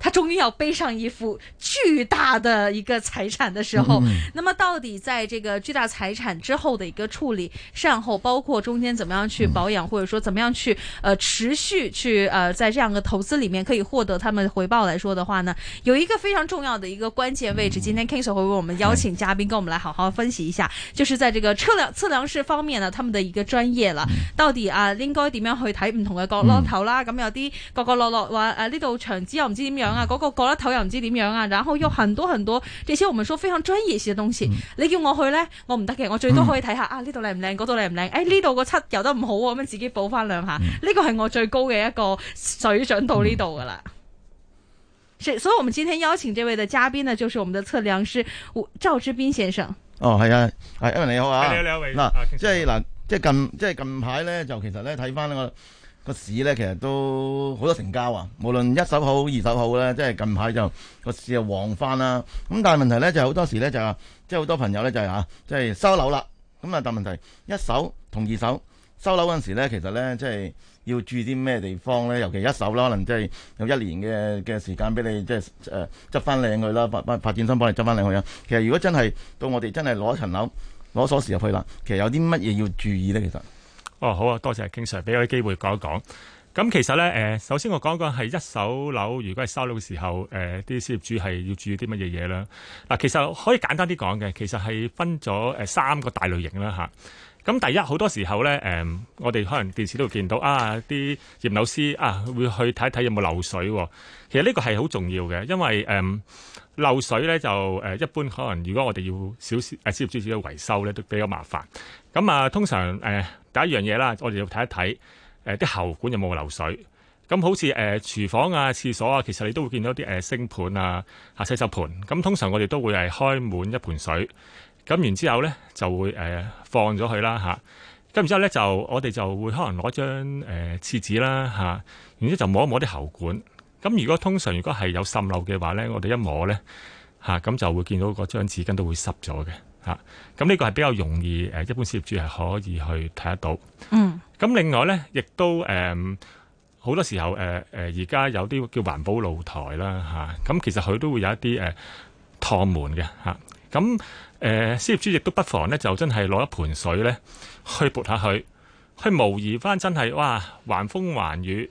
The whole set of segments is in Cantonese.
他終於要背上一副巨大的一個財產的時候，那麼到底在這個巨大財產之後的一個處理善後，包括中間怎麼樣去保養，或者說怎麼樣去呃持續去呃在這樣的投資裏面可以獲得他們的回報來說的話呢，有一個非常重要的一個關鍵位置。今天 KingSir 會為我們邀請嘉賓跟我們來好好分析一下，就是在這個測量測量師方面呢，他們的一個專業了。到底 d y 啊，應該點樣去睇唔同嘅角落頭啦？咁有啲角角落落話啊呢度牆只有。唔知點樣啊？嗰、那個角得頭又唔知點樣啊？然後有很多很多，這些我們說非常專業嘅東西、嗯，你叫我去呢？我唔得嘅。我最多可以睇下、嗯、啊，呢度靚唔靚？嗰度靚唔靚？誒、哎，呢度個漆油得唔好啊？咁樣自己補翻兩下。呢個係我最高嘅一個水準到呢度噶啦。所以，所以我們今天邀請這位嘅嘉賓呢，就是我們的測量師趙之斌先生。哦，係啊，係、啊，你好啊。嗱，即係嗱，即係、啊啊就是、近，即、就、係、是、近排、就是、呢，就其實呢，睇翻我。個市呢，其實都好多成交啊，無論一手好二手好呢，即係近排就個市就旺翻啦。咁但係問題呢，就好多時呢，就是、即係好多朋友呢，就係、是、嚇、啊，即、就、係、是、收樓啦。咁啊，但問題一手同二手收樓嗰陣時，其實呢，即係要注意啲咩地方呢？尤其一手啦，可能即係有一年嘅嘅時間俾你，即係誒執翻靚去啦，發展商幫你執翻靚去啊。其實如果真係到我哋真係攞一層樓攞鎖匙入去啦，其實有啲乜嘢要注意呢？其實？哦，好啊，多謝 King Sir，俾我啲機會講一講。咁其實咧，誒，首先我講一講係一手樓，如果係收樓嘅時候，誒、呃，啲業主係要注意啲乜嘢嘢啦。嗱，其實可以簡單啲講嘅，其實係分咗誒三個大類型啦，吓。咁第一好多時候咧、嗯，我哋可能電視都會見到啊，啲葉老師啊，會去睇睇有冇漏水，哦。其實呢個係好重要嘅，因為誒漏、嗯、水咧就、呃、一般可能，如果我哋要少少，小業小小嘅、啊、維修咧，都比較麻煩。咁啊，通常誒、呃、第一樣嘢啦，我哋要睇一睇啲喉管有冇漏水。咁好似誒、呃、廚房啊、廁所啊，其實你都會見到啲誒星盆啊、下洗手盤。咁通常我哋都會係開滿一盤水，咁然之後咧就會、呃、放咗佢啦，咁然之後咧就我哋就會可能攞張誒廁紙啦嚇。然之後就摸一摸啲喉管。咁、啊、如果通常如果係有滲漏嘅話咧，我哋一摸咧咁、啊、就會見到嗰張紙巾都會濕咗嘅。咁呢個係比較容易、呃、一般業主係可以去睇得到。嗯。咁、啊、另外咧，亦都好、呃、多時候而家、呃呃、有啲叫環保露台啦咁、啊啊啊、其實佢都會有一啲誒趟門嘅咁、啊啊啊啊誒、呃、業主亦都不妨咧，就真係攞一盆水咧，去撥下佢，去模擬翻真係哇，橫風橫雨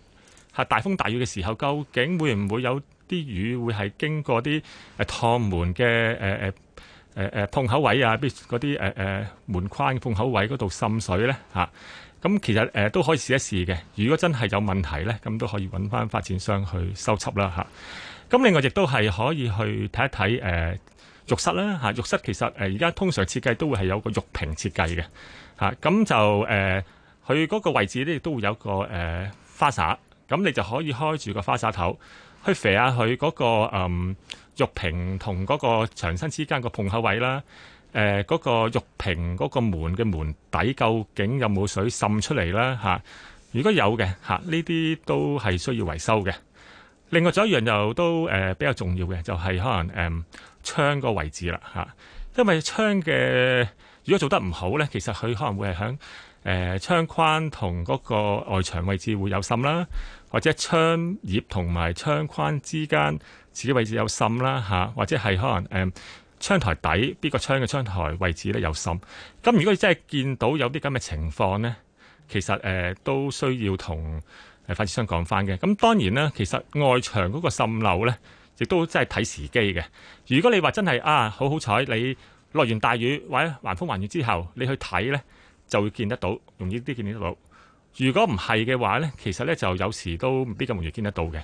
嚇，大風大雨嘅時候，究竟會唔會有啲雨會係經過啲誒趟門嘅誒、呃呃、碰口位啊？嗰啲誒門框嘅碰口位嗰度滲水咧，咁、啊、其實、呃、都可以試一試嘅。如果真係有問題咧，咁都可以揾翻發展商去修葺啦，咁、啊、另外亦都係可以去睇一睇誒。呃浴室咧嚇，浴室其實誒而家通常設計都會係有個浴屏設計嘅嚇，咁就誒佢嗰個位置咧，亦都會有個誒花灑，咁你就可以開住個花灑頭去啡下佢嗰個誒浴屏同嗰個牆身之間個碰口位啦。誒嗰個浴屏嗰個門嘅門底究竟有冇水滲出嚟啦嚇？如果有嘅嚇，呢啲都係需要維修嘅。另外仲有一樣又都誒比較重要嘅，就係可能誒。窗個位置啦嚇，因為窗嘅如果做得唔好呢，其實佢可能會係響誒窗框同嗰個外牆位置會有滲啦，或者窗葉同埋窗框之間自己位置有滲啦嚇，或者係可能誒、呃、窗台底邊個窗嘅窗台位置呢有滲。咁如果真係見到有啲咁嘅情況呢，其實誒、呃、都需要同誒發展商講翻嘅。咁當然啦，其實外牆嗰個滲漏呢。亦都真係睇時機嘅。如果你話真係啊，好好彩，你落完大雨或者橫風橫雨之後，你去睇呢，就會見得到，容易啲見得到。如果唔係嘅話呢，其實呢就有時都唔比較容易見得到嘅。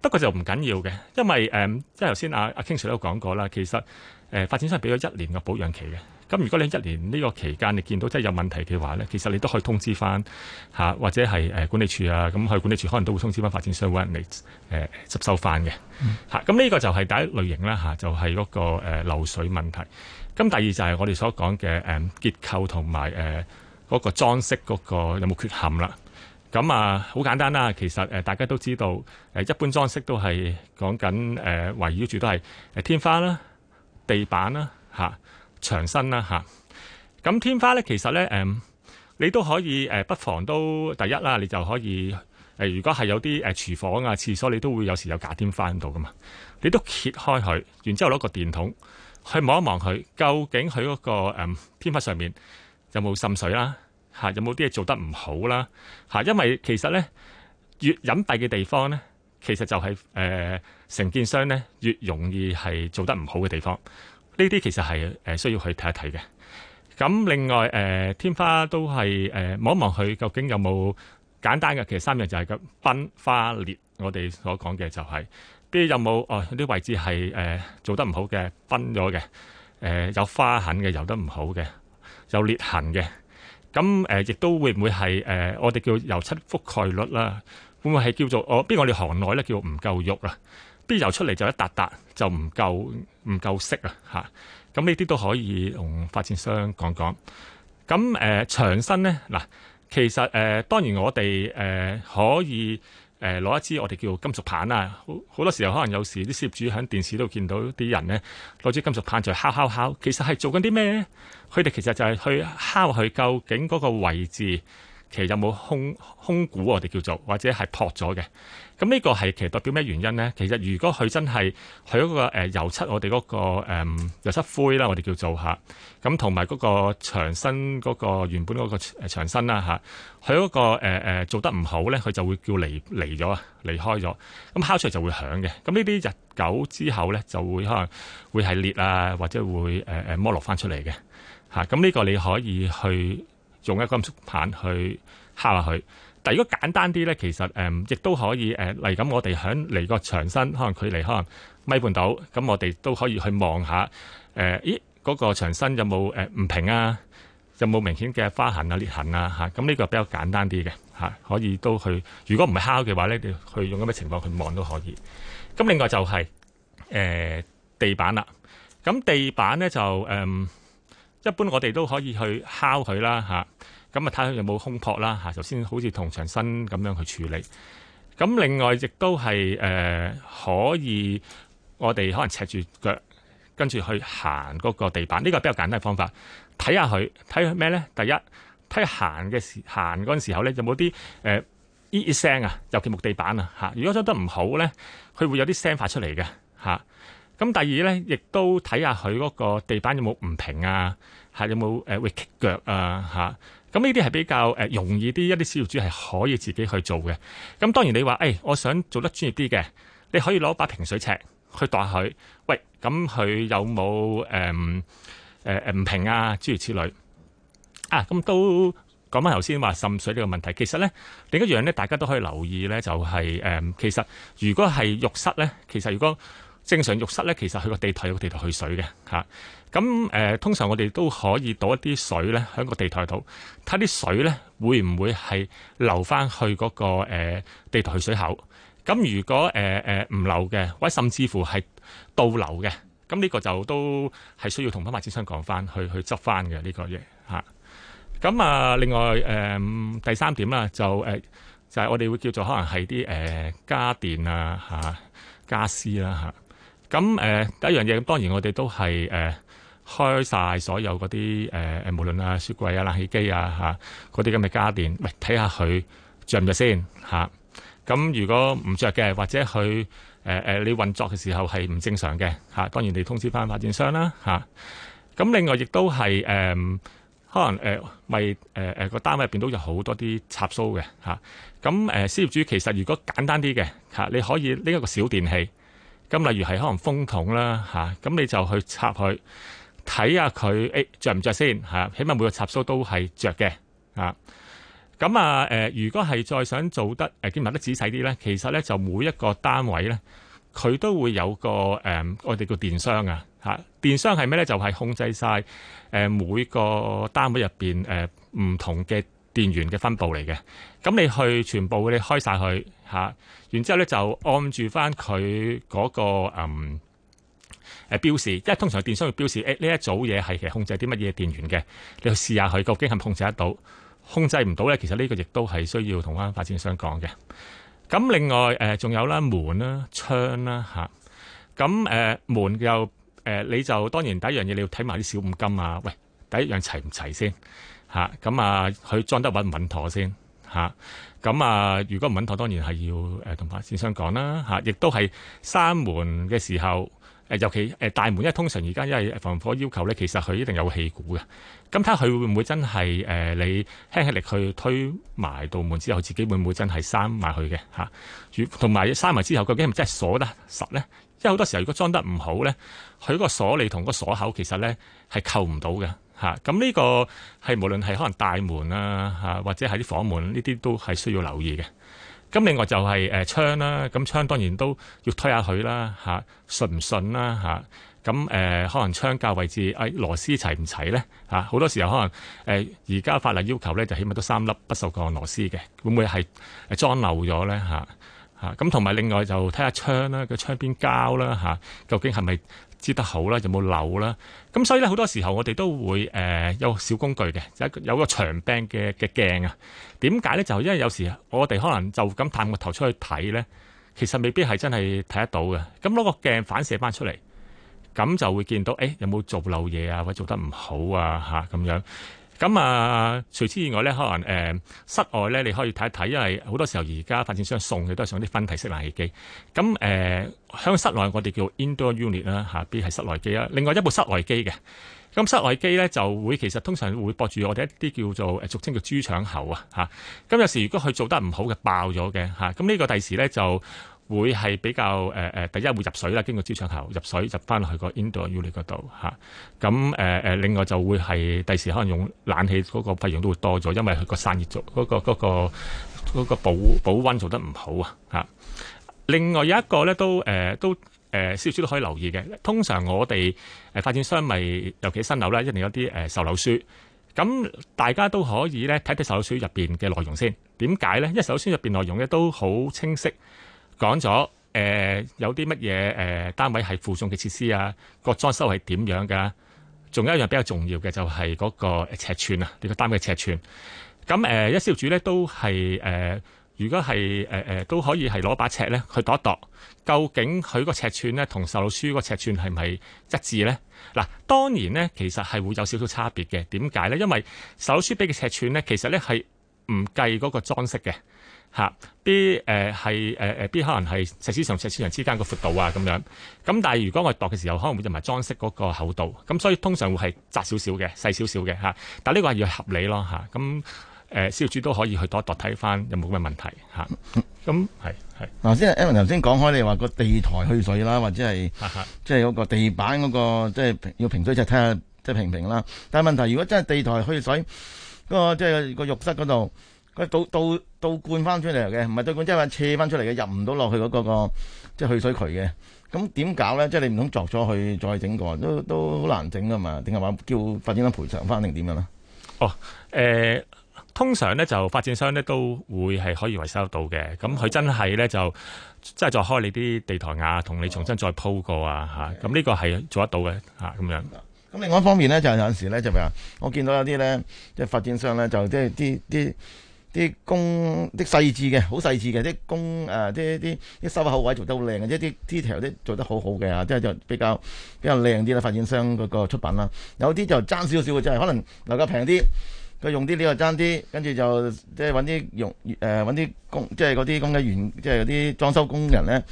不過就唔緊要嘅，因為誒即係頭先阿 King Sir 都講過啦，其實誒、呃、發展商係俾咗一年嘅保養期嘅。咁如果你一年呢個期間你見到真係有問題嘅話咧，其實你都可以通知翻嚇，或者係管理處啊，咁去管理處可能都會通知翻發展商揾你執收翻嘅嚇。咁呢個就係第一類型啦嚇，就係嗰個漏水問題。咁第二就係我哋所講嘅誒結構同埋嗰個裝飾嗰個有冇缺陷啦。咁啊，好簡單啦，其實大家都知道一般裝飾都係講緊誒圍繞住都係天花啦、地板啦嚇。牆身啦嚇，咁天花咧，其實咧，誒，你都可以誒，不妨都第一啦，你就可以誒，如果係有啲誒廚房啊、廁所，你都會有時有假天花喺度噶嘛，你都揭開佢，然之後攞個電筒去望一望佢，究竟佢嗰個誒天花上面有冇滲水啦，嚇，有冇啲嘢做得唔好啦，嚇，因為其實咧，越隱蔽嘅地方咧，其實就係誒承建商咧，越容易係做得唔好嘅地方。呢啲其實係誒需要去睇一睇嘅。咁另外誒、呃、天花都係誒望一望佢，究竟有冇簡單嘅。其實三樣就係咁崩花裂。我哋所講嘅就係、是、啲有冇哦啲位置係誒、呃、做得唔好嘅崩咗嘅誒有花痕嘅油得唔好嘅有裂痕嘅。咁誒亦都會唔會係誒、呃、我哋叫油漆覆蓋率啦、啊？會唔會係叫做哦？邊我哋行內咧叫唔夠肉啊？啲油出嚟就一笪笪，就唔夠唔夠色啊，咁呢啲都可以同發展商講講。咁誒、呃、長身呢，嗱，其實誒、呃、當然我哋、呃、可以攞、呃、一支我哋叫金屬棒啦。好好多時候可能有時啲業主喺電視都見到啲人呢攞支金屬棒就敲敲敲，其實係做緊啲咩呢？佢哋其實就係去敲佢究竟嗰個位置。其實有冇空空鼓我哋叫做或者係破咗嘅。咁呢個係其實代表咩原因咧？其實如果佢真係佢嗰個油漆，我哋嗰、那個、嗯、油漆灰啦，我哋叫做吓。咁同埋嗰個牆身嗰、那個原本嗰個誒牆身啦嚇，佢、啊、嗰、那個誒、呃、做得唔好咧，佢就會叫離離咗啊，離開咗。咁敲出嚟就會響嘅。咁呢啲日久之後咧，就會可能會係裂啊，或者會誒誒剝落翻出嚟嘅嚇。咁、呃、呢、啊、個你可以去。用一個金屬棒去敲下佢。但如果簡單啲呢，其實亦、嗯、都可以誒、呃，例如咁我哋響嚟個牆身，可能距離可能米半到，咁我哋都可以去望下、呃、咦嗰、嗰個牆身有冇唔、呃、平啊？有冇明顯嘅花痕、痕啊、裂痕啊咁呢、嗯這個比較簡單啲嘅、啊、可以都去。如果唔係敲嘅話呢，你去用咁嘅情況去望都可以。咁、嗯、另外就係、係呃、地板啦。咁、嗯、地板呢，就、嗯一般我哋都可以去敲佢啦吓，咁啊睇下佢有冇空撲啦吓，首先好似同牆身咁樣去處理。咁另外亦都係、呃、可以，我哋可能赤住腳跟住去行嗰個地板，呢、呢個比較簡單嘅方法。睇下佢睇佢咩咧？第一睇行嘅時行嗰陣時候咧，候有冇啲誒咿聲聲啊？尤其木地板啊吓，如果做得唔好咧，佢會有啲聲發出嚟嘅吓。咁第二咧，亦都睇下佢嗰個地板有冇唔平啊，係有冇誒會棘腳啊，嚇咁呢啲係比較誒容易啲，一啲小業主係可以自己去做嘅。咁當然你話誒，我想做得專業啲嘅，你可以攞把平水尺去度下佢，喂，咁佢有冇誒誒誒唔平啊？諸如此類啊，咁都講翻頭先話滲水呢個問題。其實咧，另一樣咧，大家都可以留意咧，就係誒，其實如果係浴室咧，其實如果正常浴室咧，其實佢個地台有個地台去水嘅嚇。咁、啊、誒、呃，通常我哋都可以倒一啲水咧，喺個地台度睇啲水咧會唔會係流翻去嗰、那個、呃、地台去水口？咁、啊、如果誒誒唔流嘅，或者甚至乎係倒流嘅，咁、啊、呢、這個就都係需要同返發展商講翻去去執翻嘅呢個嘢嚇。咁啊，啊，另外誒、呃、第三點啦，就誒、呃、就係、是、我哋會叫做可能係啲誒家電啊嚇、家私啦嚇。啊咁誒第一樣嘢，咁當然我哋都係誒、呃、開晒所有嗰啲誒誒，無論啊雪櫃啊冷氣機啊嗰啲咁嘅家電，喂睇下佢着唔着先。咁如果唔着嘅，或者佢誒、呃、你運作嘅時候係唔正常嘅嚇、啊，當然你通知翻發展商啦。咁、啊啊、另外亦都係誒可能誒咪誒誒個單位入邊都有好多啲插蘇嘅嚇。咁、啊、事、呃、業主其實如果簡單啲嘅、啊、你可以拎一個小電器。咁例如係可能風筒啦，嚇咁你就去插佢睇下佢誒着唔着先嚇，起碼每個插蘇都係着嘅啊。咁啊誒、呃，如果係再想做得誒，檢、呃、查得仔細啲咧，其實咧就每一個單位咧，佢都會有個誒、呃，我哋叫電箱啊嚇。電箱係咩咧？就係、是、控制晒誒、呃、每個單位入邊誒唔同嘅。電源嘅分佈嚟嘅，咁你去全部你開晒佢嚇，然之後咧就按住翻佢嗰個誒標示，因為通常電商會標示誒呢一組嘢係其實控制啲乜嘢電源嘅，你去試下佢究竟係控制得到，控制唔到咧，其實呢個亦都係需要同翻發展商講嘅。咁另外誒仲有啦門啦窗啦嚇，咁誒門又誒你就當然第一樣嘢你要睇埋啲小五金啊，喂，第一樣齊唔齊先。咁啊，佢、嗯啊、裝得穩唔穩妥先。咁啊、嗯、啊，如果唔穩妥，當然係要同發展商講啦。亦都係閂門嘅時候，呃、尤其誒、呃、大門，因為通常而家因為防火要求咧，其實佢一定有氣鼓嘅。咁睇下佢會唔會真係、呃、你輕輕力去推埋道門之後，自己會唔會真係閂埋去嘅。同埋閂埋之後，究竟係唔真係鎖得實咧？因為好多時候，如果裝得唔好咧，佢個鎖你同個鎖口其實咧係扣唔到嘅。嚇、這個！咁呢個係無論係可能大門啊，或者係啲房門呢、啊、啲都係需要留意嘅。咁另外就係、是、誒、呃、窗啦、啊，咁窗當然都要推下佢啦，嚇順唔順啦，嚇咁、啊啊呃、可能窗架位置哎，螺絲齊唔齊咧？好、啊、多時候可能而家、呃、法例要求咧就起碼都三粒不鏽鋼螺絲嘅，會唔會係裝漏咗咧？嚇咁同埋另外就睇下窗啦、啊，個窗邊膠啦究竟係咪？知得好啦，有冇漏啦？咁所以咧，好多時候我哋都會誒、呃、有小工具嘅，有一有個長柄嘅嘅鏡啊。點解咧？就因為有時我哋可能就咁探個頭出去睇咧，其實未必係真係睇得到嘅。咁攞個鏡反射翻出嚟，咁就會見到誒、欸、有冇做漏嘢啊，或者做得唔好啊咁、啊、樣。咁啊，除此以外咧，可能誒、呃、室外咧，你可以睇一睇，因為好多時候而家發展商送嘅都係送啲分體式冷氣機。咁誒，喺、呃、室內我哋叫 indoor unit 啦、啊，下係室內機啦。另外一部室外機嘅，咁室外機咧就會其實通常會駁住我哋一啲叫做、啊、俗稱嘅豬腸喉啊，咁有時如果佢做得唔好嘅，爆咗嘅，咁呢個第時咧就。會係比較誒誒、呃，第一會入水啦，經過焦窗後入水入翻去個 indoor unit 嗰度嚇。咁誒誒，另外就會係第時可能用冷氣嗰個費用都會多咗，因為佢個散熱做嗰、嗰個嗰、嗰個嗰個嗰個、保保温做得唔好啊嚇。另外有一個咧都誒、呃、都誒，業、呃、主都可以留意嘅。通常我哋誒發展商咪、就係、尤其新樓咧一定有啲誒、呃、售樓書咁，咁大家都可以咧睇睇售樓書入邊嘅內容先點解咧？因為售樓書入邊內容咧都好清晰。講咗誒有啲乜嘢誒單位係附送嘅設施啊，個裝修係點樣㗎、啊？仲有一樣比較重要嘅就係嗰個尺寸啊，呢、這個單位嘅尺寸。咁、嗯、誒、呃、一少主咧都係誒、呃，如果係誒誒都可以係攞把尺咧去度一度，究竟佢個尺寸呢同售樓書個尺寸係咪一致呢？嗱，當然呢其實係會有少少差別嘅。點解呢？因為售樓書俾嘅尺寸呢，其實呢係唔計嗰個裝飾嘅。嚇，B 誒係誒誒 B 可能係石屎牆同石屎牆之間個闊度啊咁樣，咁但係如果我度嘅時候可能會就埋裝飾嗰個厚度，咁、啊、所以通常會係窄少少嘅細少少嘅嚇，但係呢個係要合理咯嚇，咁誒業主都可以去度一度睇返有冇咩問題嚇，咁係係嗱先，Alan 頭先講開你話個地台去水啦，或者係即係嗰個地板嗰、嗰個即係、就是、要平水看看，就睇下即係平唔平啦，但係問題如果真係地台去水、嗰個即係、就是、個浴室嗰度。倒倒，倒灌翻出嚟嘅，唔係倒灌，即係話斜翻出嚟嘅，入唔到落去嗰、那個即係去水渠嘅。咁點搞咧？即係你唔通鑿咗去再整個都都好難整噶嘛？點解話叫發展商賠償翻定點樣咧？哦，誒、呃，通常咧就發展商咧都會係可以維修到嘅。咁、哦、佢真係咧就即係再開你啲地台呀，同你重新再鋪過、哦、啊！吓、嗯、咁、啊、呢、okay. 個係做得到嘅，吓咁樣。咁、啊、另外一方面咧，就是、有時咧就譬、是、如我見到有啲咧即係發展商咧就即係啲啲。啲工啲細緻嘅，好細緻嘅啲工誒即係啲啲啲收口位做得好靚嘅，一啲 detail 啲做得好好嘅啊，即係就比較比較靚啲啦，發展商嗰個出品啦。有啲就爭少少嘅，就係、是、可能能夠平啲，佢用啲料爭啲，跟住就即係揾啲用誒揾啲工，即係嗰啲咁嘅員，即係嗰啲裝修工人咧。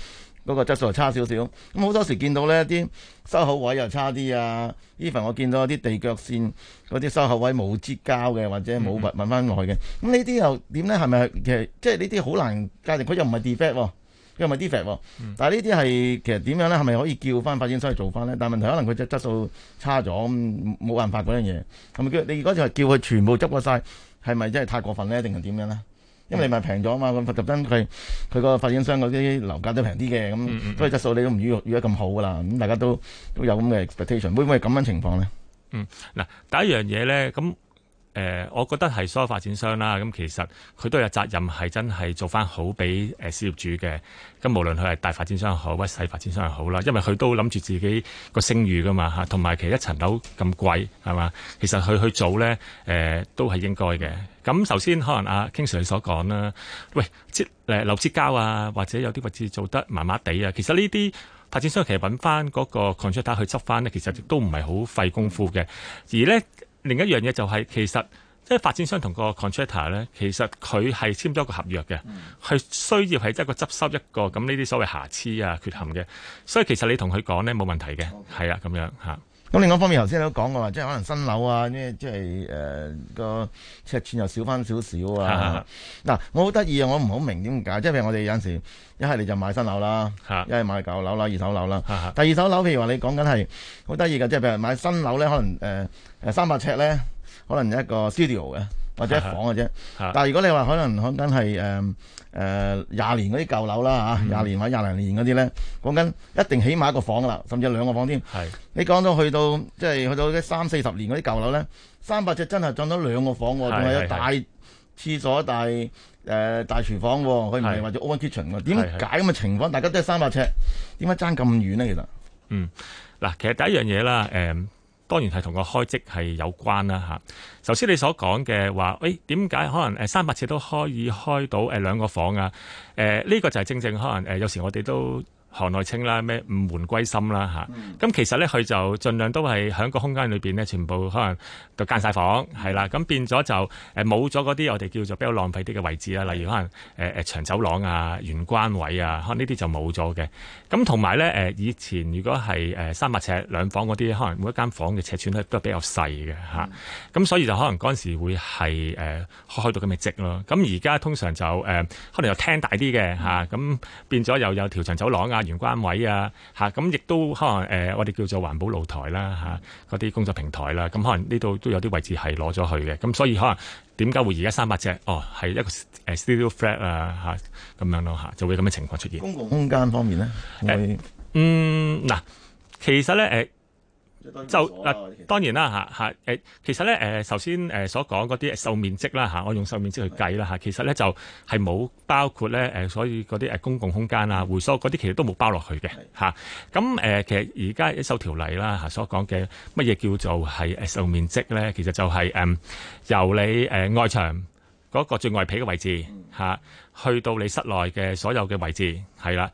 嗰個質素又差少少，咁好多時見到呢啲收口位又差啲啊，even 我見到啲地腳線嗰啲收口位冇接膠嘅，或者冇揾揾翻落去嘅，咁、嗯、呢啲又點咧？係咪其實即係呢啲好難界定？佢又唔係 defect、哦、又唔係 defect、哦嗯、但係呢啲係其實點樣咧？係咪可以叫翻發展商去做翻咧？但係問題可能佢隻質素差咗，冇辦法嗰樣嘢係咪叫你嗰時叫佢全部執過晒，係咪真係太過分咧？定係點樣咧？因為咪平咗啊嘛，咁特登佢佢個發展商嗰啲樓價都平啲嘅，咁、嗯嗯嗯、所以質素你都唔預預得咁好噶啦。咁大家都都有咁嘅 expectation，會唔會咁樣情況咧？嗯，嗱，第一樣嘢咧，咁誒、呃，我覺得係所有發展商啦。咁其實佢都有責任係真係做翻好俾事業主嘅。咁無論佢係大發展商又好，或者細發展商又好啦，因為佢都諗住自己個聲譽噶嘛嚇，同埋其實一層樓咁貴係嘛，其實佢去做咧誒、呃、都係應該嘅。咁首先可能阿 King Sir，你所講啦，喂，誒漏折交啊，或者有啲位置做得麻麻地啊，其實呢啲發展商其實揾翻嗰個 contractor 去執翻呢，就是、呢，其實亦都唔係好費功夫嘅。而呢另一樣嘢就係，其實即係發展商同個 contractor 咧，其實佢係簽咗個合約嘅，佢、嗯、需要係一個執收一個咁呢啲所謂瑕疵啊缺陷嘅，所以其實你同佢講呢，冇問題嘅，係、okay. 啊咁樣吓咁另外一方面，頭先都講過話，即係可能新樓啊，即係誒個尺寸又少翻少少啊。嗱，我好得意啊，我唔好明點解。即係譬如我哋有陣時，一係你就買新樓啦，一係買舊樓啦，二手樓啦。是是是第二手樓，譬如話你講緊係好得意嘅，即係譬如買新樓咧，可能誒誒三百尺咧，可能一個 studio 嘅。或者房嘅啫，係係係係但係如果你話可能講緊係誒誒廿年嗰啲舊樓啦嚇，廿年、嗯、或者廿零年嗰啲咧，講緊一定起碼一個房啦，甚至兩個房添。係係你講到去到即係去到三四十年嗰啲舊樓咧，三百尺真係賺到兩個房喎，仲係有大廁所大誒大廚房喎，佢唔係話做 open kitchen 喎。點解咁嘅情況？大家都係三百尺，點解爭咁遠咧？其實，嗯，嗱，其實第一樣嘢啦，嗯當然係同個開則係有關啦吓，頭先你所講嘅話，誒點解可能三百尺都可以開到誒兩個房啊？呢、呃呢個就係正正可能有時我哋都。行內稱啦，咩五門歸心啦吓，咁其實咧佢就盡量都係喺個空間裏邊咧，全部可能都間晒房係啦，咁變咗就誒冇咗嗰啲我哋叫做比較浪費啲嘅位置啦，例如可能誒誒長走廊啊、玄關位啊，可能呢啲就冇咗嘅。咁同埋咧誒以前如果係誒三百尺兩房嗰啲，可能每一間房嘅尺寸咧都係比較細嘅吓，咁所以就可能嗰陣時會係誒開到咁嘅值咯。咁而家通常就誒可能又廳大啲嘅吓，咁變咗又有條長走廊啊。員關位啊，吓咁亦都可能誒，我哋叫做環保露台啦，嚇嗰啲工作平台啦，咁可能呢度都有啲位置係攞咗去嘅，咁所以可能點解會而家三百呎？哦，係一個誒 studio flat 啊，嚇咁樣咯，嚇就會咁嘅情況出現。公共空間方面咧，誒嗯嗱，其實咧誒。就嗱，當然啦嚇嚇誒，其實咧誒，頭先誒所講嗰啲售面積啦嚇，我用售面積去計啦嚇，其實咧就係、是、冇包括咧誒，所以嗰啲誒公共空間啊、會所嗰啲其實都冇包落去嘅嚇。咁誒、啊，其實而家一手條例啦嚇所講嘅乜嘢叫做係誒售面積咧？其實就係、是、誒、嗯、由你誒外牆嗰個最外皮嘅位置嚇、嗯啊，去到你室內嘅所有嘅位置係啦。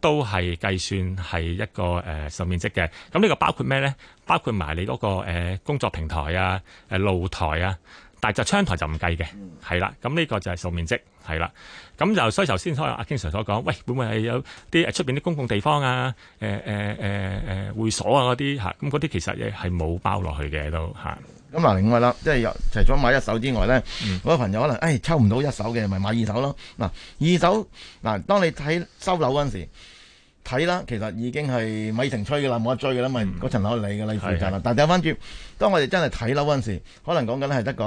都係計算係一個受、呃、面積嘅，咁呢個包括咩咧？包括埋你嗰、嗰個、呃、工作平台啊、呃、露台啊，但就窗台就唔計嘅，係、嗯、啦。咁呢個就係受面積，係啦。咁就所以頭先阿 King Sir 所講，喂，會唔會係有啲出面啲公共地方啊、誒、呃呃呃、會所啊嗰啲嚇？咁嗰啲其實嘢係冇包落去嘅都、啊咁嗱，另外啦，即係又除咗買一手之外咧，嗰、嗯、個朋友可能誒抽唔到一手嘅，咪買二手咯。嗱，二手嗱，當你睇收樓嗰陣時睇啦，其實已經係米成吹嘅啦，冇得追嘅啦，咪嗰層樓嚟你嘅，你、就是、負責啦。但係調返翻轉，當我哋真係睇樓嗰陣時，可能講緊係得個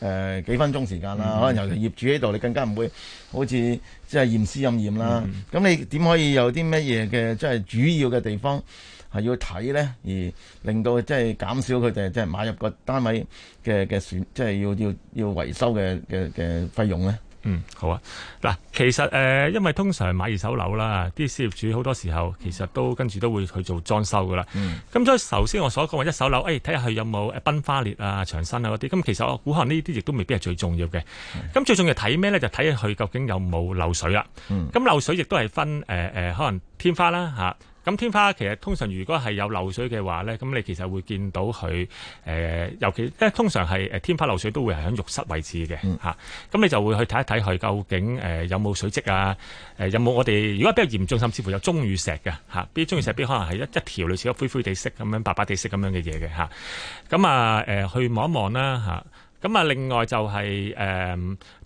誒幾分鐘時間啦、嗯，可能尤其業主喺度，你更加唔會好似即係驗屍咁驗啦。咁、嗯、你點可以有啲乜嘢嘅即係主要嘅地方？係要睇咧，而令到即係減少佢哋即係買入個單位嘅嘅損即係要要要維修嘅嘅嘅費用咧。嗯，好啊。嗱，其實誒、呃，因為通常買二手樓啦，啲事業主好多時候其實都、嗯、跟住都會去做裝修噶啦。咁、嗯、所以頭先我所講話一手樓，誒睇下佢有冇崩花裂啊、牆身啊嗰啲，咁其實我估可能呢啲亦都未必係最重要嘅。咁最重要睇咩咧？就睇下佢究竟有冇漏水啦、啊。咁、嗯、漏水亦都係分誒、呃呃、可能天花啦、啊咁天花其實通常如果係有漏水嘅話咧，咁你其實會見到佢誒、呃，尤其、呃、通常係天花漏水都會係喺浴室位置嘅，咁你就會去睇一睇佢究竟、呃、有冇水漬啊？呃、有冇我哋如果比較嚴重，甚至乎有鐘乳石嘅嚇。啲鐘乳石可能係一一條類似個灰灰地色咁樣、白白地色咁樣嘅嘢嘅咁啊、呃、去望一望啦咁啊，啊另外就係、是、誒、呃、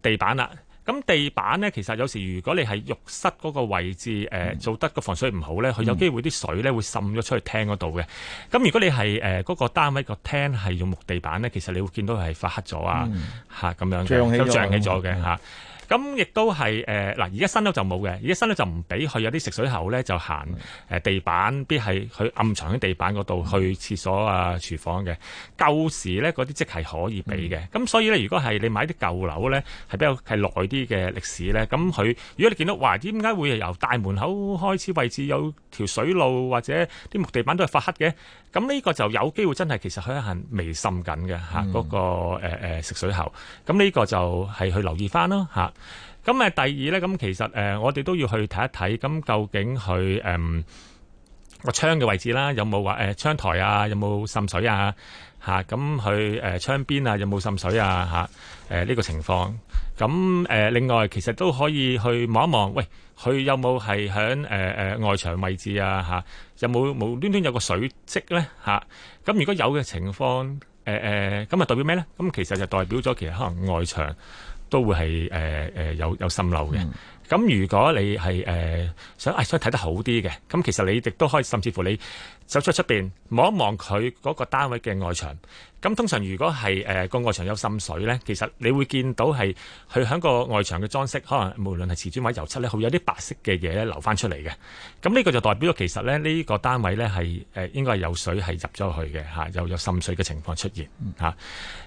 地板啦、啊咁地板咧，其實有時如果你係浴室嗰個位置誒、嗯、做得個防水唔好咧，佢有機會啲水咧會滲咗出去廳嗰度嘅。咁、嗯、如果你係誒嗰個單位個廳係用木地板咧，其實你會見到係發黑咗、嗯、啊咁樣嘅，都漲起咗嘅嚇。咁亦都係誒嗱，而、呃、家新樓就冇嘅，而家新樓就唔俾佢有啲食水喉咧，就行、呃、地板，必係去暗藏喺地板嗰度去廁所啊、廚房嘅舊時咧，嗰啲即係可以俾嘅。咁、嗯、所以咧，如果係你買啲舊樓咧，係比較係耐啲嘅歷史咧，咁佢如果你見到話，點解會由大門口開始位置有條水路或者啲木地板都係發黑嘅？咁呢個就有機會真係其實佢係未滲緊嘅嚇嗰個、呃呃、食水喉。咁呢個就係去留意翻咯嚇。咁誒，第二咧，咁其實誒，我哋都要去睇一睇，咁究竟佢誒個窗嘅位置啦，有冇話誒窗台啊，有冇滲水啊？吓，咁佢誒窗邊啊，有冇滲水啊？吓，誒呢個情況，咁誒另外，其實都可以去望一望，喂，佢有冇係響誒誒外牆位置啊？吓，有冇無端端有個水漬咧？吓，咁如果有嘅情況，誒誒，咁啊代表咩咧？咁其實就代表咗，其實可能外牆。都會係誒、呃呃、有有滲漏嘅。咁、嗯、如果你係誒、呃、想想睇得好啲嘅，咁其實你亦都可以，甚至乎你，走出出邊望一望佢嗰個單位嘅外牆，咁通常如果係誒個外牆有滲水咧，其實你會見到係佢喺個外牆嘅裝飾，可能無論係瓷磚或者油漆咧，佢會有啲白色嘅嘢咧流翻出嚟嘅。咁呢個就代表咗其實咧呢個單位咧係誒應該係有水係入咗去嘅嚇，又有滲水嘅情況出現嚇。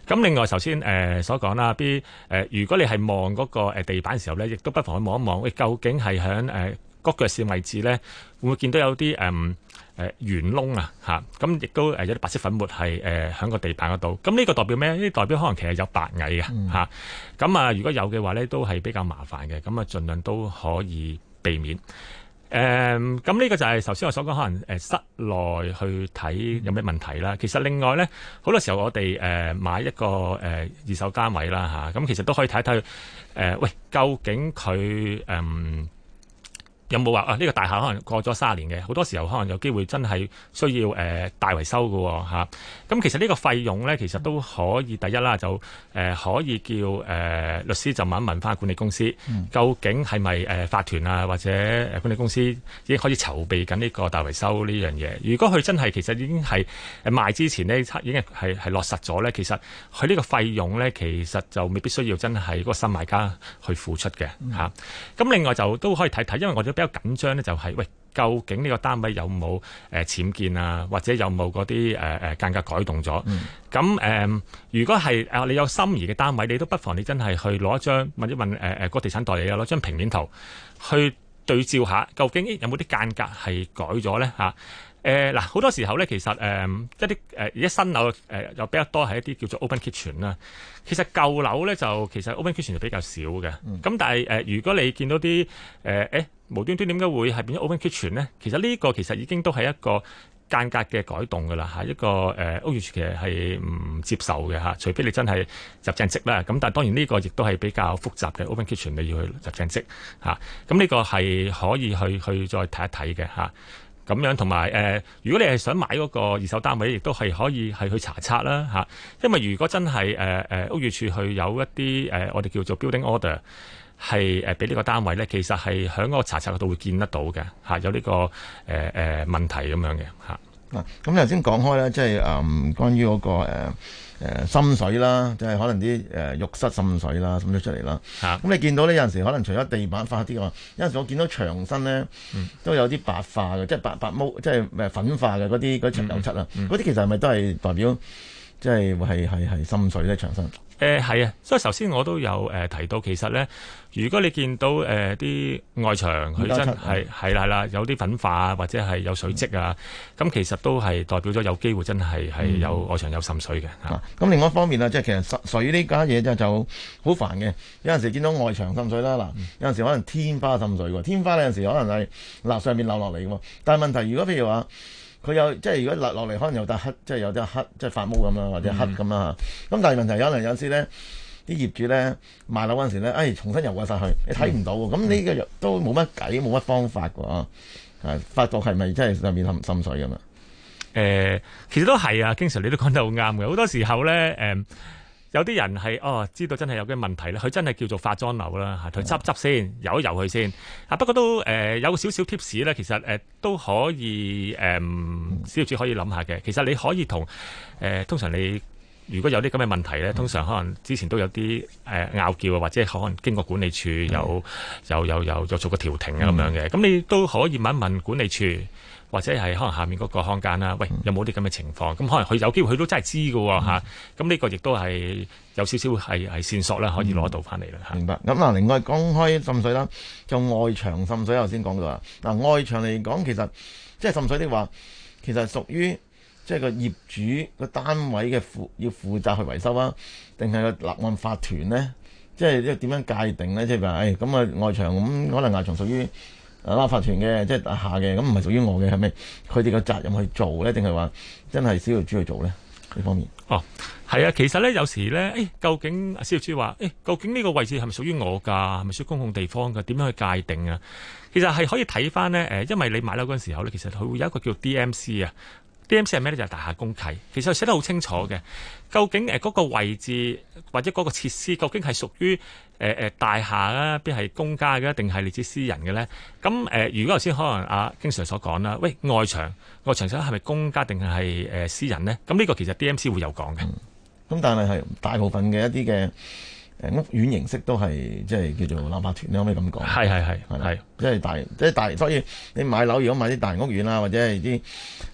咁另外首先誒所講啦，B 誒如果你係望嗰個誒地板嘅時候咧，亦都不妨去望一望，誒究竟係喺誒各腳線位置咧，會唔會見到有啲誒？誒圓窿啊，嚇，咁亦都誒有啲白色粉末係誒喺個地板嗰度，咁呢個代表咩？呢代表可能其實有白蟻嘅嚇，咁、嗯、啊如果有嘅話咧，都係比較麻煩嘅，咁啊盡量都可以避免。誒咁呢個就係頭先我所講，可能誒室內去睇有咩問題啦。其實另外咧，好多時候我哋誒買一個誒二手單位啦嚇，咁其實都可以睇睇誒，喂究竟佢誒。嗯有冇話啊？呢、這個大廈可能過咗三十年嘅，好多時候可能有機會真係需要誒、呃、大維修嘅喎嚇。咁其實呢個費用咧，其實都可以、嗯、第一啦，就誒、呃、可以叫誒、呃、律師就問一問翻管理公司，嗯、究竟係咪誒法團啊或者誒管理公司已經開始籌備緊呢個大維修呢樣嘢？如果佢真係其實已經係賣之前呢，已經係係落實咗咧，其實佢呢個費用咧，其實就未必需要真係嗰個新買家去付出嘅嚇。咁、嗯啊、另外就都可以睇睇，因為我比較緊張咧，就係喂，究竟呢個單位有冇誒僭建啊？或者有冇嗰啲誒誒間隔改動咗？咁誒，如果係誒你有心儀嘅單位，你都不妨你真係去攞張問一問誒誒，個地產代理攞張平面圖去對照下，究竟有冇啲間隔係改咗咧嚇？誒嗱，好多時候咧，其實誒一啲誒而家新樓誒又比較多係一啲叫做 open kitchen 啦。其實舊樓咧就其實 open kitchen 就比較少嘅。咁但係誒，如果你見到啲誒誒。無端端點解會係變咗 open kitchen 咧？其實呢一個其實已經都係一個間隔嘅改動嘅啦嚇，一個誒、呃、屋宇署其實係唔接受嘅嚇，除非你真係入正職啦。咁但係當然呢個亦都係比較複雜嘅 open kitchen 你要去入正職嚇。咁、啊、呢個係可以去去再睇一睇嘅嚇。咁、啊、樣同埋誒，如果你係想買嗰個二手單位，亦都係可以係去查冊啦嚇。因為如果真係誒誒屋宇署去有一啲誒、呃，我哋叫做 building order。係誒俾呢個單位咧，其實係喺嗰個查察度會見得到嘅、啊、有呢、這個誒誒、呃呃、問題咁樣嘅嚇。嗱、啊，咁頭先講開咧，即係誒關於嗰、那個誒誒滲水啦，即係可能啲誒、呃、浴室滲水啦，滲咗出嚟啦。咁、啊、你見到呢，有陣時候可能除咗地板化啲嘛，有陣時候我見到牆身咧都有啲白化嘅、嗯，即係白白毛，即係粉化嘅嗰啲嗰啲油漆啊，嗰啲、嗯嗯、其實係咪都係代表即係係係係滲水咧牆身？誒係啊，所以頭先我都有提到，其實咧，如果你見到誒啲、呃、外牆佢真係係啦係啦有啲粉化或者係有水漬啊，咁、嗯、其實都係代表咗有機會真係係有、嗯、外牆有滲水嘅。咁、啊、另外一方面呢，即係其實水呢家嘢就就好煩嘅，有陣時見到外牆滲水啦，嗱，有陣時可能天花滲水喎，天花有陣時可能係嗱上面漏落嚟嘅喎，但係問題如果譬如話，佢有即係如果落落嚟可能有笪黑，即係有啲黑，即係發毛咁啦，或者黑咁啦。咁但係問題有能有時咧，啲業主咧賣樓嗰陣時咧，哎重新油過晒去，你睇唔到喎。咁呢個都冇乜計，冇乜方法嘅哦。啊，發作係咪真係上面滲水咁啊？誒、嗯嗯嗯，其實都係啊，King Sir，你都講得好啱嘅。好多時候咧，誒、嗯。有啲人係哦，知道真係有咩問題咧，佢真係叫做化妝樓啦嚇，佢執執先、嗯，游一游佢先，不過都誒、呃、有少少 tips 咧，其實、呃、都可以誒、呃、小業主可以諗下嘅。其實你可以同誒、呃、通常你如果有啲咁嘅問題咧，通常可能之前都有啲誒拗撬啊，或者可能經過管理處有、嗯、有有有，有做個調停啊咁、嗯、樣嘅。咁你都可以問一問管理處。或者係可能下面嗰個空間啦，喂，有冇啲咁嘅情況？咁、嗯、可能佢有機會他，佢都真係知嘅嚇。咁、啊、呢個亦都係有少少係係線索啦，可以攞到翻嚟啦。明白。咁嗱，另外講開滲水啦，就外牆滲水頭先講到啦。嗱、呃，外牆嚟講其實即係滲水的話，其實屬於即係個業主個單位嘅負要負責去維修啊，定係個立案法團咧？即係即係點樣界定咧？即係話誒咁啊外牆咁可能外牆屬於？嗯啊，立法團嘅即係、啊、下嘅，咁唔係屬於我嘅係咪？佢哋個責任去做咧，定係話真係小業主去做咧？呢方面哦，係啊，其實咧有時咧，誒、哎、究竟小業主話，誒、哎、究竟呢個位置係咪屬於我㗎？係咪屬於公共地方㗎？點樣去界定啊？其實係可以睇翻咧，因為你買樓嗰陣時候咧，其實佢會有一個叫 DMC 啊。D M C 係咩咧？就係、是、大廈公契，其實寫得好清楚嘅。究竟誒嗰、呃那個位置或者嗰個設施，究竟係屬於誒誒大廈啊，邊係公家嘅，定係嚟自私人嘅咧？咁誒、呃，如果頭先可能阿、啊、經常所講啦，喂，外牆外牆身係咪公家定係誒私人咧？咁呢個其實 D M C 會有講嘅。咁、嗯、但係係大部分嘅一啲嘅。屋、呃、苑形式都係即係叫做攬拍團，你可唔可以咁講。係係係即係大即係大，所以你買樓如果買啲大屋苑啦，或者係啲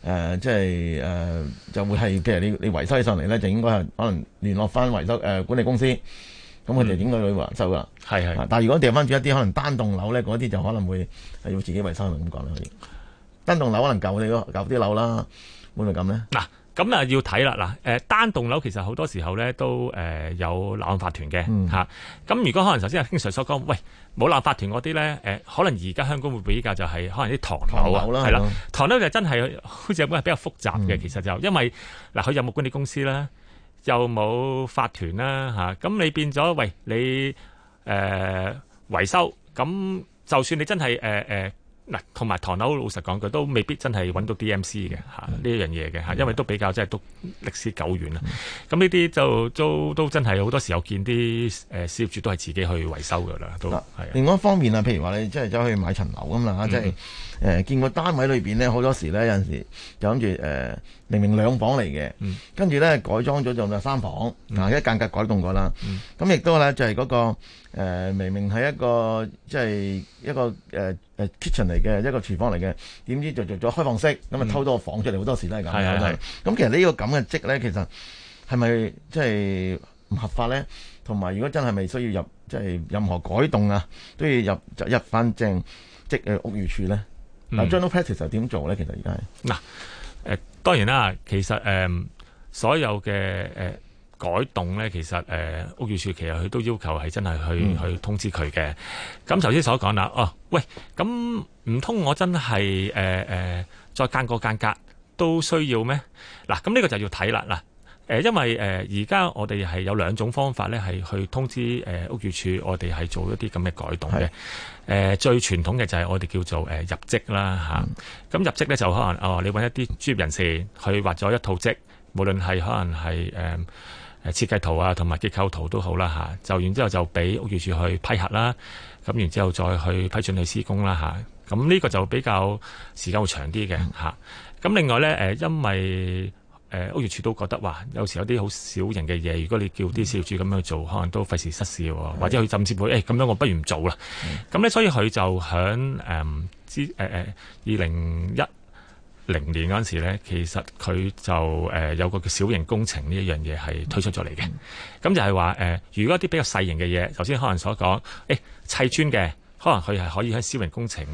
誒即係誒、呃，就會係譬如你你維修上嚟呢，就應該係可能聯絡返維修誒、呃、管理公司，咁佢哋應該會維修㗎。係係，但係如果掉返住一啲可能單棟樓呢，嗰啲就可能會係要自己維修啦。咁講啦，可以單棟樓可能舊啲屋舊啲樓啦，會唔會咁呢？啊。咁啊，要睇啦嗱，誒單棟樓其實好多時候咧都誒有立案法團嘅嚇。咁如果可能頭先阿 King Sir 所講，喂冇立案法團嗰啲咧，誒可能而家香港會比較就係可能啲唐樓啊，係啦，唐樓就真係好似有冇係比較複雜嘅，其實就因為嗱佢有冇管理公司啦，又冇法團啦嚇。咁你變咗喂，你誒維修，咁就算你真係誒誒。嗱，同埋唐樓，老實講佢都未必真係揾到 D M C 嘅嚇，呢樣嘢嘅嚇，因為都比較即係都歷史久遠啦。咁呢啲就都都真係好多時候見啲誒業主都係自己去維修㗎啦，都係另外一方面啊，譬如話你即係走去買層樓咁啦嚇，即係誒見個單位裏邊咧，好多時咧有陣時就諗住誒。呃明明兩房嚟嘅，跟住咧改裝咗就就三房，嗯，一間隔改動過啦。咁亦都咧就係嗰、那個、呃、明明係一個即係、就是、一個誒、呃、kitchen 嚟嘅一個廚房嚟嘅，點知就做咗開放式，咁、嗯、啊偷多個房出嚟，好多時都係咁嘅。咁、嗯、其實這個這呢個咁嘅職咧，其實係咪即係唔合法咧？同埋如果真係咪需要入即係、就是、任何改動啊，都要入就入入翻正即屋宇署咧？那、嗯、general practice 又點做咧？其實而家係嗱。啊當然啦，其實誒、呃、所有嘅誒、呃、改動咧，其實誒、呃、屋宇署其實佢都要求係真係去、嗯、去通知佢嘅。咁頭先所講啦，哦喂，咁唔通我真係誒誒再間個間隔都需要咩？嗱，咁、這、呢個就要睇啦啦。誒，因為誒，而、呃、家我哋係有兩種方法咧，係去通知誒、呃、屋宇署，我哋係做一啲咁嘅改動嘅。誒、呃，最傳統嘅就係我哋叫做誒、呃、入則啦，嚇、嗯。咁、啊、入則咧就可能哦，你揾一啲專業人士去畫咗一套則，無論係可能係誒誒設計圖啊，同埋結構圖都好啦，嚇、啊。就然之後就俾屋宇署去批核啦，咁、啊、然之後再去批准去施工啦，嚇、啊。咁、啊、呢、這個就比較時間會長啲嘅，嚇、嗯。咁、啊、另外咧誒、呃，因為誒、呃、屋宇署都覺得話，有時有啲好小型嘅嘢，如果你叫啲小業主咁樣去做、嗯，可能都費時失事喎、哦，或者佢甚至乎誒咁樣，我不如唔做啦。咁、嗯、咧，所以佢就響誒之誒誒二零一零年嗰陣時咧，其實佢就誒、呃、有個叫小型工程呢一樣嘢係推出咗嚟嘅。咁、嗯、就係話誒，如果啲比較細型嘅嘢，頭先可能所講誒、哎、砌磚嘅，可能佢係可以喺小型工程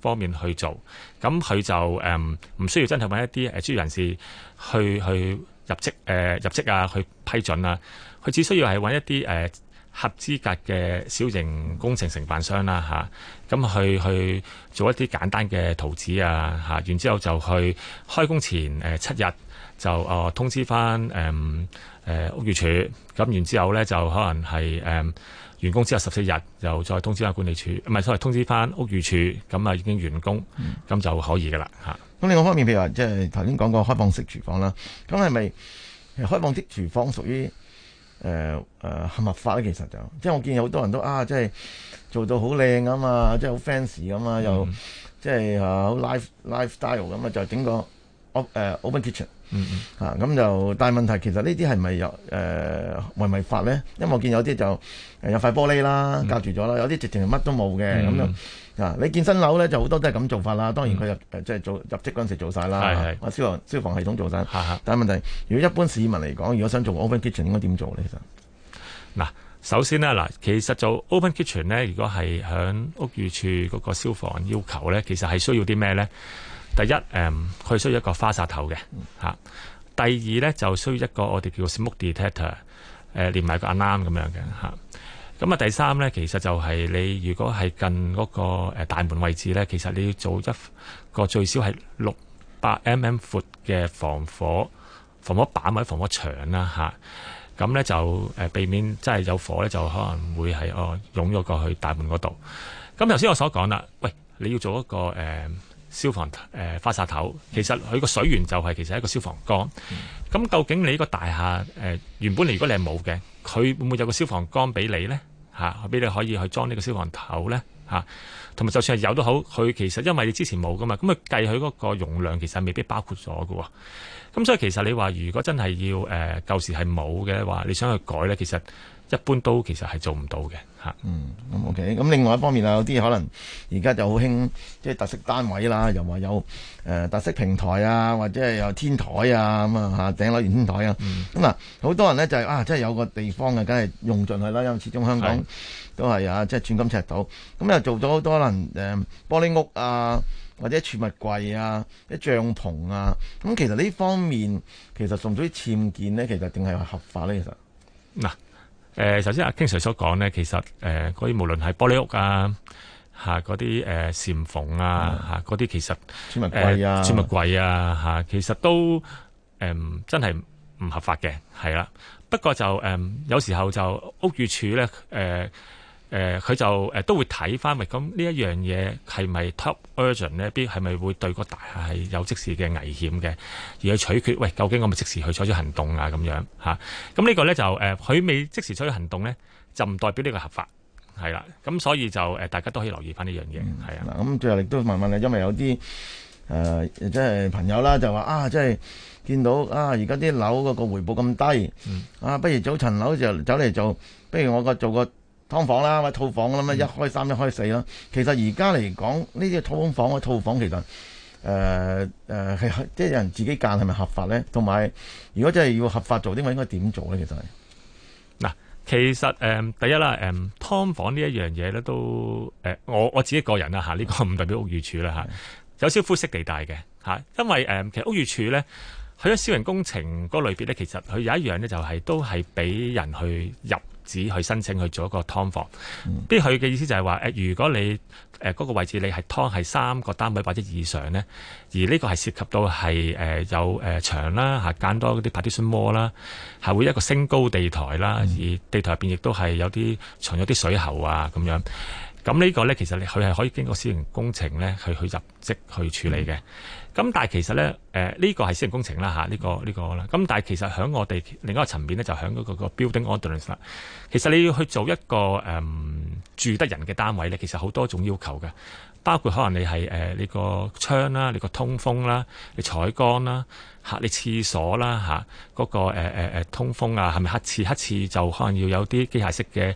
方面去做，咁佢就誒唔、嗯、需要真係揾一啲誒專業人士去去入職誒、呃、入職啊，去批准呀、啊，佢只需要係揾一啲誒、呃、合資格嘅小型工程承辦商啦、啊、嚇，咁去去做一啲簡單嘅圖紙啊嚇，然、啊、之後就去開工前、呃、七日就哦、呃、通知翻誒、呃呃、屋宇署，咁、啊、然之後呢，就可能係誒。呃完工之後十四日就再通知下管理處，唔係，所謂通知翻屋宇處，咁啊已經完工，咁、嗯、就可以噶啦嚇。咁另外一方面，譬如話，即係頭先講過開放式廚房啦，咁係咪其實開放式廚房屬於誒誒合合法咧？其實就，即係我見有好多人都啊，即係做到好靚啊嘛，即係好 fancy 啊嘛，又即係啊好 life lifestyle 咁啊，就整、是就是嗯就是就是、個 o op,、uh, open kitchen。嗯、mm、嗯 -hmm. 啊，啊咁就大問題。其實是是、呃、呢啲係咪有誒為咪法咧？因為我見有啲就誒有塊玻璃啦，隔住咗啦。Mm -hmm. 有啲直情乜都冇嘅咁樣，mm -hmm. 啊，你建新樓咧就好多都係咁做法啦。當然佢就即係做、mm -hmm. 入職嗰陣時做晒啦。消防消防系統做晒。係係係，但係問題，如果一般市民嚟講，如果想做 open kitchen 應該點做咧？其實嗱，首先啦嗱，其實做 open kitchen 咧，如果係響屋宇處嗰個消防要求咧，其實係需要啲咩咧？第一，誒，佢需要一個花灑頭嘅、嗯、第二咧，就需要一個我哋叫 smoke detector，誒、呃，連埋個 alarm 咁樣嘅咁啊，啊，第三咧，其實就係、是、你如果係近嗰、那個、呃、大門位置咧，其實你要做一個最少係六百 mm 闊嘅防火防火板或者防火牆啦，咁咧就，啊、避免真係有火咧就可能會係哦湧咗過去大門嗰度。咁頭先我所講啦，喂，你要做一個誒。呃消防誒花灑頭，其實佢個水源就係其實一個消防缸。咁、嗯、究竟你呢個大廈誒、呃、原本如果你係冇嘅，佢會唔會有一個消防缸俾你呢？嚇、啊，俾你可以去裝呢個消防頭呢？嚇、啊。同埋就算係有都好，佢其實因為你之前冇噶嘛，咁啊計佢嗰個容量其實未必包括咗㗎喎。咁所以其實你話如果真係要誒、呃、舊時係冇嘅話，你想去改呢？其實。一般都其實係做唔到嘅嚇。嗯，咁 OK。咁另外一方面啊，有啲可能而家就好興，即係特色單位啦，又話有誒、呃、特色平台啊，或者係有天台啊咁啊嚇，頂樓完天台啊。咁、嗯、嗱，好、嗯、多人呢，就係、是、啊，即係有個地方啊，梗係用盡去啦。因為始終香港都係啊，即係寸金尺土。咁又做咗好多可能誒玻璃屋啊，或者儲物櫃啊，啲帳篷啊。咁其實呢方面其實屬唔屬於僭建呢，其實定係合法呢？其實嗱。誒、呃，首先阿、啊、King Sir 所講咧，其實誒，嗰、呃、啲無論係玻璃屋啊，嚇嗰啲誒簷篷啊，嚇嗰啲其實，儲物櫃啊，儲、呃、物櫃啊，嚇、啊，其實都誒、呃，真係唔合法嘅，係啦。不過就誒、呃，有時候就屋宇署咧，誒、呃。誒佢就誒都會睇翻，喂，咁呢一樣嘢係咪 top urgent 咧？必係咪會對個大廈係有即時嘅危險嘅？而去取決，喂，究竟我咪即時去採取行動啊？咁樣嚇，咁呢個咧就誒，佢未即時採取行動咧，就唔代表呢個合法，係啦。咁所以就誒，大家都可以留意翻呢樣嘢，係、嗯、啊。咁最後亦都問問你，因為有啲誒，即係朋友啦，就話啊，即係見到啊，而家啲樓個回報咁低，啊，不如早層樓就走嚟做，不如我個做個。劏房啦，套房啦，一開三、一開四啦。其實而家嚟講，呢啲劏房套房，其實誒誒係即係有人自己間係咪合法咧？同埋，如果真係要合法做啲，我應該點做咧？其實係嗱，其實誒、呃、第一啦，誒、呃、劏房呢一樣嘢咧，都、呃、誒我我自己個人啦嚇，呢、這個唔代表屋宇署啦嚇，有少灰色地帶嘅嚇，因為誒、呃、其實屋宇署咧，佢一私人工程嗰類別咧，其實佢有一樣咧、就是，就係都係俾人去入。去申請去做一個劏房，啲佢嘅意思就係話，如果你誒嗰、呃那個位置你係劏係三個單位或者以上呢，而呢個係涉及到係、呃、有誒牆啦，嚇、呃、間、啊、多嗰啲排 a l l 啦，係、啊、會一個升高地台啦、啊，而地台入邊亦都係有啲藏咗啲水喉啊咁樣，咁呢個呢，其實你佢係可以經過私人工程呢去去入職去處理嘅。嗯咁但係其實咧，誒、呃、呢、這個係私人工程啦嚇，呢、啊這個呢、這個啦。咁、啊、但係其實喺我哋另一個層面咧，就喺嗰、那個那個 building ordinance 啦。其實你要去做一個誒、嗯、住得人嘅單位咧，其實好多種要求嘅，包括可能你係誒你個窗啦，你個通風啦，你採光啦、啊，你廁所啦嚇嗰、啊那個誒、呃呃、通風啊，係咪黑廁？黑廁就可能要有啲機械式嘅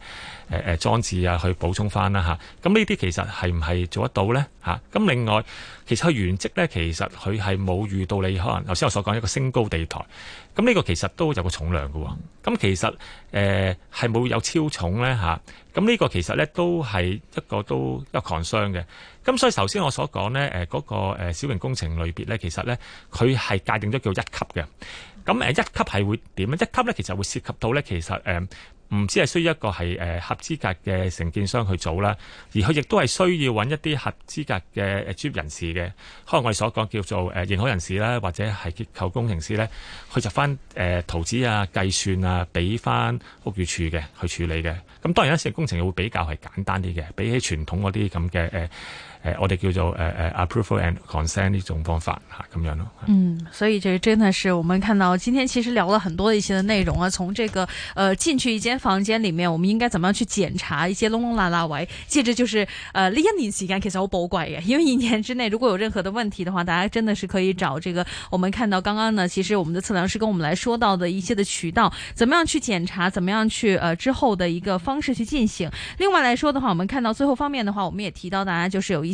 誒誒裝置啊去補充翻啦嚇，咁呢啲其實係唔係做得到咧嚇？咁、啊、另外。其實佢原職呢，其實佢係冇遇到你可能頭先我所講一個升高地台，咁呢個其實都有個重量嘅喎。咁其實誒係冇有超重呢。嚇、啊。咁呢個其實呢，都係一個都一 concern 嘅。咁所以頭先我所講呢，誒、呃、嗰、那個、呃、小型工程類別呢，其實呢，佢係界定咗叫一級嘅。咁誒、呃、一級係會點咧？一級呢，其實會涉及到呢，其實誒。呃唔只係需要一個係、呃、合資格嘅承建商去做啦，而佢亦都係需要揾一啲合資格嘅專業人士嘅，可能我哋所講叫做誒、呃、認可人士啦，或者係結構工程師咧，去執翻誒圖紙啊、計算啊，俾翻屋宇署嘅去處理嘅。咁當然一啲、這個、工程會比較係簡單啲嘅，比起傳統嗰啲咁嘅誒，我哋叫做誒誒 approval and consent 呢種方法嚇咁樣咯。嗯，所以這真的是，我們看到今天其實聊了很多的一些的內容啊，從這個呃進去一間房間裏面，我們應該怎麼樣去檢查一些窿窿罅罅位，接着就是呃，呢一年時間其實好寶貴嘅，因為一年之內如果有任何的問題的話，大家真的是可以找這個。我們看到剛剛呢，其實我們的測量師跟我們來說到的一些的渠道，怎麼樣去檢查，怎麼樣去呃之後的一個方式去進行。另外來說的話，我們看到最後方面的話，我們也提到大家就是有一。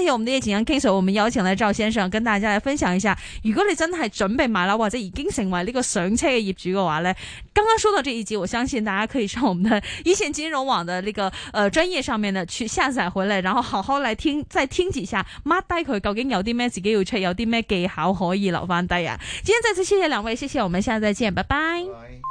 謝謝我們啲嘢想傾，所以我們邀請咗趙先生跟大家嚟分享一下。如果你真係準備買樓或者已經成為呢個上車嘅業主嘅話咧，剛剛說到這一集，我相信大家可以上我們的一線金融網嘅呢、這個，呃，專業上面呢去下載回來，然後好好來聽，再聽幾下。mark 低佢究竟有啲咩自己要出，有啲咩技巧可以留翻低啊！今日再次謝謝兩位，謝謝我們下次再見，拜拜。Bye.